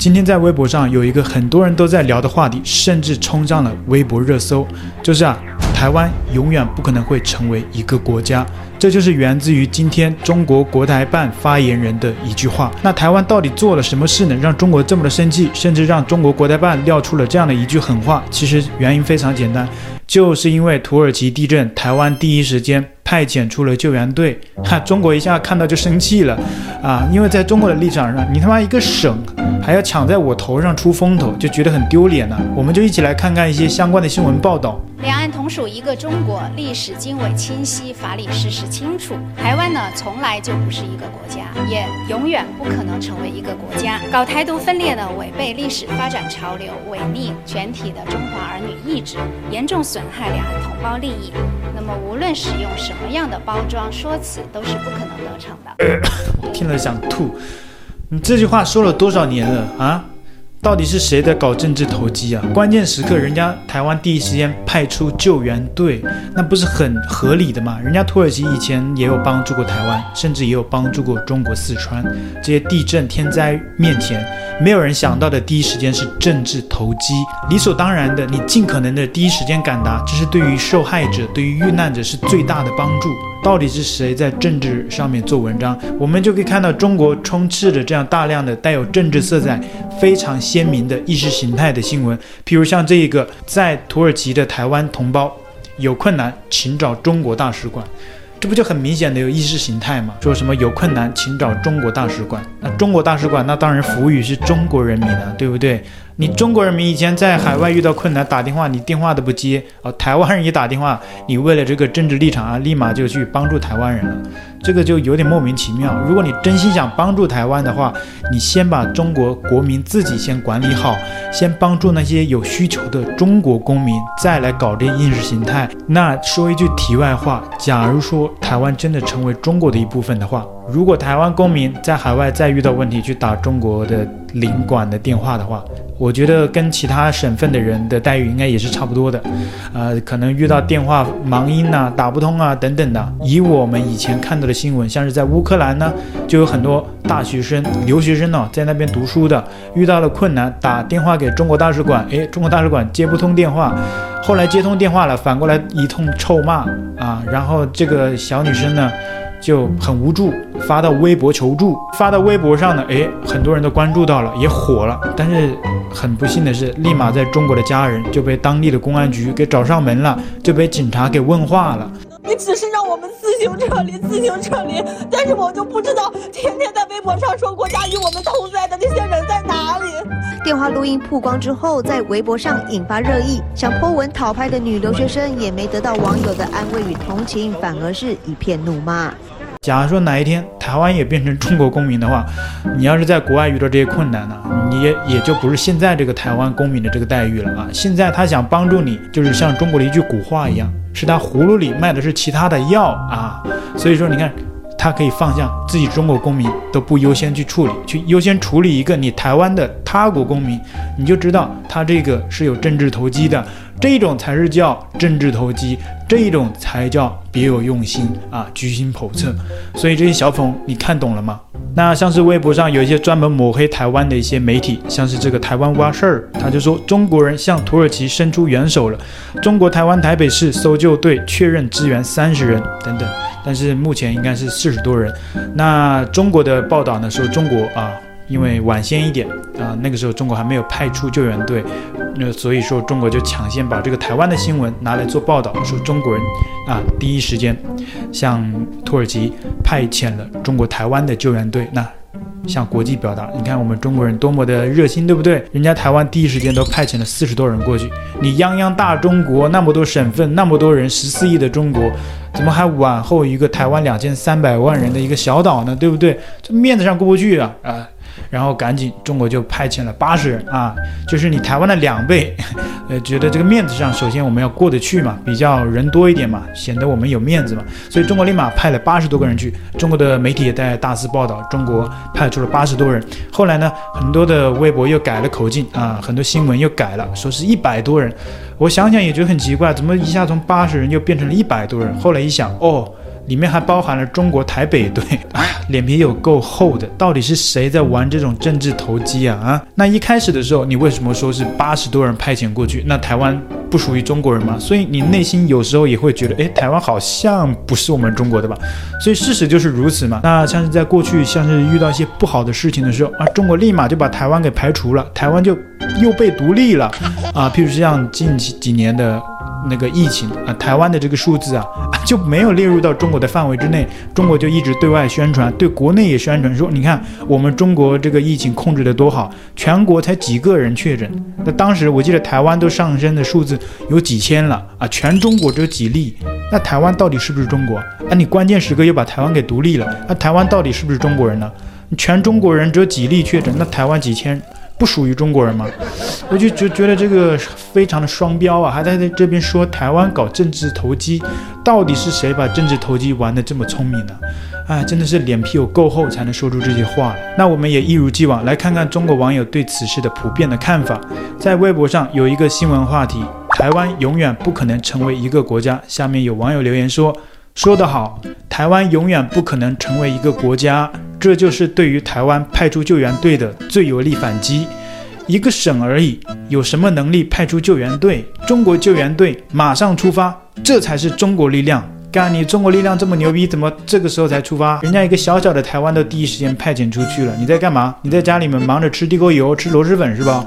今天在微博上有一個很多人都在聊的話題，甚至衝上了微博熱搜，就是啊，台灣永遠不可能會成為一個國家，這就是源自於今天中國國台辦發言人的一句話。那台灣到底做了什麼事呢？能讓中國這麼的生氣，甚至讓中國國台辦撂出了這樣的一句狠話？其實原因非常簡單。就是因為土耳其地震，台灣第一時間派遣出了救援隊，哈，中國一下看到就生氣了，啊，因為在中國的立場上，你他媽一個省還要搶在我頭上出風頭，就覺得很丟臉了啊。我們就一起來看看一些相關的新聞報道。兩岸同屬一個中國，歷史經緯清晰，法理事實清楚。台灣呢，從來就不是一個國家，也永遠不可能成為一個國家。搞台獨分裂的，違背歷史發展潮流，違逆全體的中華兒女意志，嚴重損。損害兩岸同胞利益，那麼無論使用什麼樣的包裝說辭，都是不可能得逞的。咳咳，聽了想吐！你這句話說了多少年了啊？到底是誰在搞政治投機啊？關鍵時刻，人家台灣第一時間派出救援隊，那不是很合理的嗎？人家土耳其以前也有幫助過台灣，甚至也有幫助過中國四川這些地震天災面前。沒有人想到的第一時間是政治投機，理所當然的，你盡可能的第一時間趕達，這是對於受害者、對於遇難者是最大的幫助。到底是誰在政治上面做文章？我們就可以看到中國充斥着這樣大量的帶有政治色彩非常鮮明的意識形態的新聞，譬如像這一個，在土耳其的台灣同胞有困難，請找中國大使館。這不就很明顯的有意識形態嗎？說什麼有困難請找中國大使館，那、呃、中國大使館那當然服務於是中國人民了、啊，對不對？你中國人民以前在海外遇到困難打電話，你電話都不接哦、呃。台灣人一打電話，你為了這個政治立場啊，立馬就去幫助台灣人了，這個就有點莫名其妙。如果你真心想幫助台灣的話，你先把中國國民自己先管理好。先幫助那些有需求的中國公民，再來搞定意識形態。那說一句題外話，假如說台灣真的成為中國的一部分的話，如果台灣公民在海外再遇到問題，去打中國的領館的電話的話，我覺得跟其他省份的人的待遇應該也是差不多的。呃，可能遇到電話忙音吶、打不通啊等等的。以我們以前看到的新聞，像是在烏克蘭呢，就有很多大學生、留學生呢、哦，在那邊讀書的，遇到了困難，打電話。給中國大使館，哎，中國大使館接不通電話，後來接通電話了，反過來一通臭罵啊，然後這個小女生呢就很無助，發到微博求助，發到微博上呢，哎，很多人都關注到了，也火了，但是很不幸的是，立馬在中國的家人就被當地的公安局給找上門了，就被警察給問話了。你只是讓我們自行撤離，自行撤離，但是我就不知道，天天在微博上說國家與我們同在的那些人在哪裡？電話錄音曝光之後，在微博上引發熱議，想 PO 文討拍的女留學生也沒得到網友的安慰與同情，反而是一片怒罵。假如說哪一天台灣也變成中國公民的話，你要是在國外遇到這些困難呢，你也也就不是現在這個台灣公民的這個待遇了啊！現在他想幫助你，就是像中國的一句古話一樣，是他葫蘆裡賣的是其他的藥啊！所以說，你看他可以放下自己中國公民都不優先去處理，去優先處理一個你台灣的他國公民，你就知道他這個是有政治投機的。這一種才是叫政治投機，這一種才叫別有用心啊，居心叵測。所以這些小粉，你看懂了嗎？那像是微博上有一些專門抹黑台灣的一些媒體，像是這個台灣挖事兒，他就說中國人向土耳其伸出援手了，中國台灣台北市搜救隊確認支援三十人等等，但是目前應該是四十多人。那中國的報道呢，說中國啊。因為晚先一點啊，那個時候中國還沒有派出救援隊，那所以說中國就搶先把這個台灣的新聞拿來做報道，說中國人啊第一時間向土耳其派遣了中國台灣的救援隊，那向國際表達，你看我們中國人多麼的熱心，對不對？人家台灣第一時間都派遣了四十多人過去，你泱泱大中國那麼多省份，那麼多人，十四億的中國，怎麼還晚後一個台灣兩千三百萬人的一個小島呢？對不對？這面子上過不去啊啊！然後趕緊，中國就派遣了八十人啊，就是你台灣的兩倍，呃，覺得這個面子上，首先我們要過得去嘛，比較人多一點嘛，顯得我們有面子嘛，所以中國立馬派了八十多個人去。中國的媒體也在大肆報道，中國派出了八十多人。後來呢，很多的微博又改了口徑啊，很多新聞又改了，說是一百多人。我想想也覺得很奇怪，怎麼一下從八十人又變成了一百多人？後來一想，哦。裡面還包含了中國台北隊，哎呀、啊，臉皮有夠厚的，到底是誰在玩這種政治投機啊？啊，那一開始的時候，你為什麼說是八十多人派遣過去？那台灣不屬於中國人嗎？所以你內心有時候也會覺得，哎，台灣好像不是我們中國的吧？所以事實就是如此嘛。那像是在過去，像是遇到一些不好的事情的時候啊，中國立馬就把台灣給排除了，台灣就又被獨立了啊。譬如像近幾幾年的，那個疫情啊，台灣的這個數字啊，就沒有列入到中國的範圍之內。中國就一直對外宣傳，對國內也宣傳說，你看我們中國這個疫情控制得多好，全國才幾個人確診。那當時我記得台灣都上升的數字有幾千了啊，全中國只有幾例。那台灣到底是不是中國？啊，你關鍵時刻又把台灣給獨立了。那台灣到底是不是中國人呢？全中國人只有幾例確診，那台灣幾千。不屬於中國人嗎？我就覺覺得這個非常的雙標啊，還在在這邊說台灣搞政治投機，到底是誰把政治投機玩得這麼聰明呢？哎，真的是臉皮有夠厚才能說出這些話了。那我們也一如既往來看看中國網友對此事的普遍的看法。在微博上有一個新聞話題：台灣永遠不可能成為一個國家。下面有網友留言說：“說得好，台灣永遠不可能成為一個國家。”這就是對於台灣派出救援隊的最有力反擊。一個省而已，有什麼能力派出救援隊？中國救援隊馬上出發，這才是中國力量。幹你！中國力量這麼牛逼，怎麼這個時候才出發？人家一個小小的台灣都第一時間派遣出去了，你在幹嘛？你在家裡面忙着吃地溝油、吃螺螄粉是吧？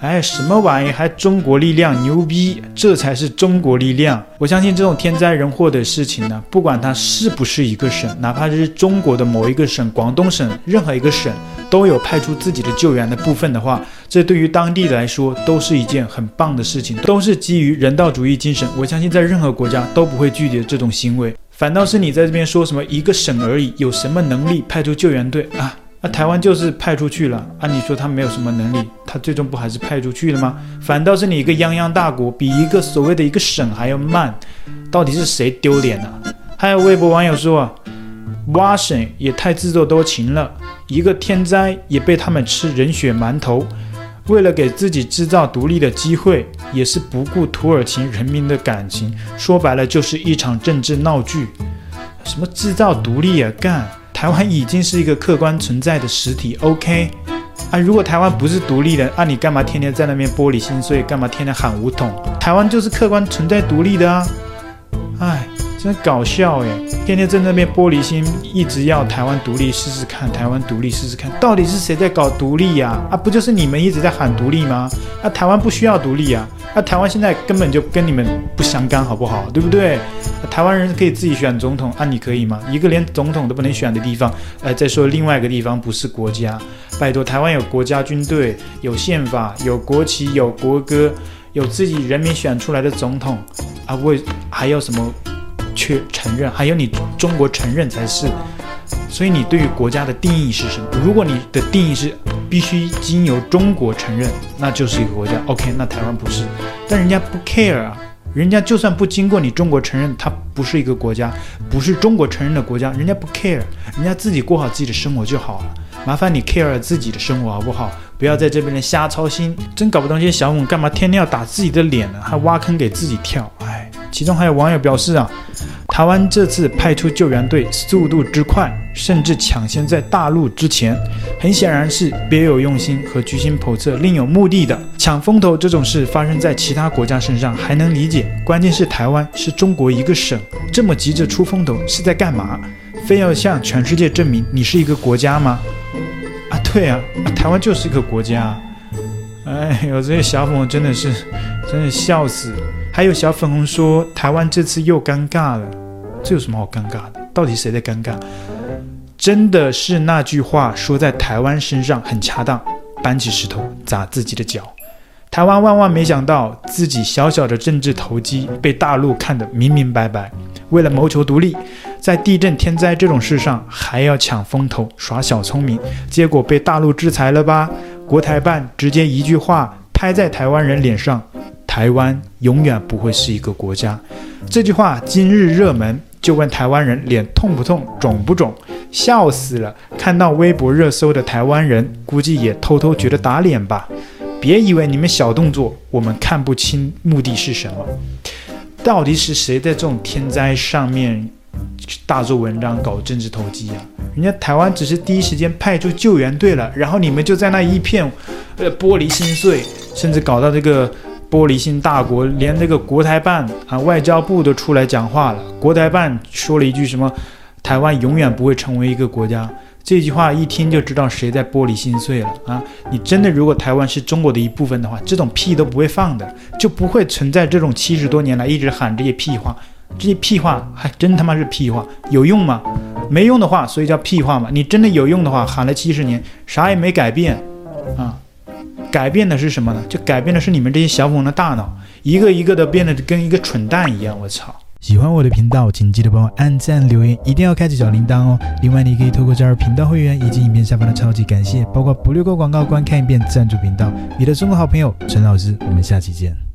哎，什麼玩意？還中國力量牛逼？這才是中國力量！我相信這種天災人禍的事情呢，不管它是不是一個省，哪怕是中國的某一個省，廣東省任何一個省都有派出自己的救援的部分的話。這對於當地來說都是一件很棒的事情，都是基於人道主義精神。我相信在任何國家都不會拒絕這種行為，反倒是你在這邊說什麼一個省而已，有什麼能力派出救援隊啊？那、啊、台灣就是派出去了，啊。你說他沒有什麼能力，他最終不還是派出去了嗎？反倒是你一個泱泱大國，比一個所謂的一個省還要慢，到底是誰丟臉呢、啊？還有微博網友說，蛙省也太自作多情了，一個天災也被他們吃人血饅頭。為了給自己製造獨立的機會，也是不顧土耳其人民的感情，說白了就是一場政治鬧劇。什麼製造獨立啊？幹！台灣已經是一個客觀存在的實體，OK？啊，如果台灣不是獨立的，啊，你幹嘛天天在那邊玻璃心碎？幹嘛天天喊武統？台灣就是客觀存在獨立的啊！哎。真搞笑誒，天天在那邊玻璃心，一直要台灣獨立試試看，台灣獨立試試看，到底是誰在搞獨立呀、啊？啊，不就是你們一直在喊獨立嗎？那、啊、台灣不需要獨立呀、啊。那、啊、台灣現在根本就跟你們不相干，好不好？對不對、啊？台灣人可以自己選總統，啊，你可以嗎？一個連總統都不能選的地方，哎、呃，再說另外一個地方不是國家，拜託，台灣有國家軍隊，有憲法，有國旗，有國歌，有自己人民選出來的總統，啊，會還有什麼？去承認，還有你中國承認才是，所以你對於國家的定義是什麼？如果你的定義是必須經由中國承認，那就是一個國家。OK，那台灣不是，但人家不 care 啊，人家就算不經過你中國承認，它不是一個國家，不是中國承認的國家，人家不 care，人家自己過好自己的生活就好了。麻煩你 care 自己的生活好不好？不要在這邊瞎操心，真搞不懂這些小粉紅幹嘛天天要打自己的臉呢，還挖坑給自己跳。其中還有網友表示啊，台灣這次派出救援隊速度之快，甚至搶先在大陸之前，很顯然是別有用心和居心叵測、另有目的的搶風頭。這種事發生在其他國家身上還能理解，關鍵是台灣是中國一個省，這麼急着出風頭是在幹嘛？非要向全世界證明你是一個國家嗎？啊，對啊，啊，台灣就是一個國家。哎呦，這些小粉真的是，真的笑死。還有小粉紅說，台灣這次又尷尬了，這有什麼好尷尬的？到底誰在尷尬？真的是那句話說在台灣身上很恰當，搬起石頭砸自己的腳。台灣萬萬沒想到，自己小小的政治投機被大陸看得明明白白。為了謀求獨立，在地震天災這種事上還要搶風頭耍小聰明，結果被大陸制裁了吧？國台辦直接一句話拍在台灣人臉上。台灣永遠不會是一個國家，這句話今日熱門，就問台灣人臉痛不痛、腫不腫？笑死了！看到微博熱搜的台灣人，估計也偷偷覺得打臉吧。別以為你們小動作，我們看不清目的是什麼。到底是誰在這種天災上面大做文章、搞政治投機啊？人家台灣只是第一時間派出救援隊了，然後你們就在那一片，呃，玻璃心碎，甚至搞到這個。玻璃心大國，連那個國台辦啊，外交部都出來講話了。國台辦說了一句什麼：“台灣永遠不會成為一個國家。”這句話一聽就知道誰在玻璃心碎了啊！你真的，如果台灣是中國的一部分的話，這種屁都不會放的，就不會存在這種七十多年來一直喊這些屁話。這些屁話還，哎，真他媽是屁話，有用嗎？沒用的話，所以叫屁話嘛。你真的有用的話，喊了七十年，啥也沒改變，啊。改變的是什麼呢？就改變的是你們這些小粉紅的大腦，一個一個的變得跟一個蠢蛋一樣。我操！喜歡我的頻道，請記得幫我按贊、留言，一定要開啟小鈴鐺哦。另外，你可以透過加入頻道會員以及影片下方的超級感謝，包括不略過廣告、觀看一遍贊助頻道。你的中國好朋友陳老師，我們下期見。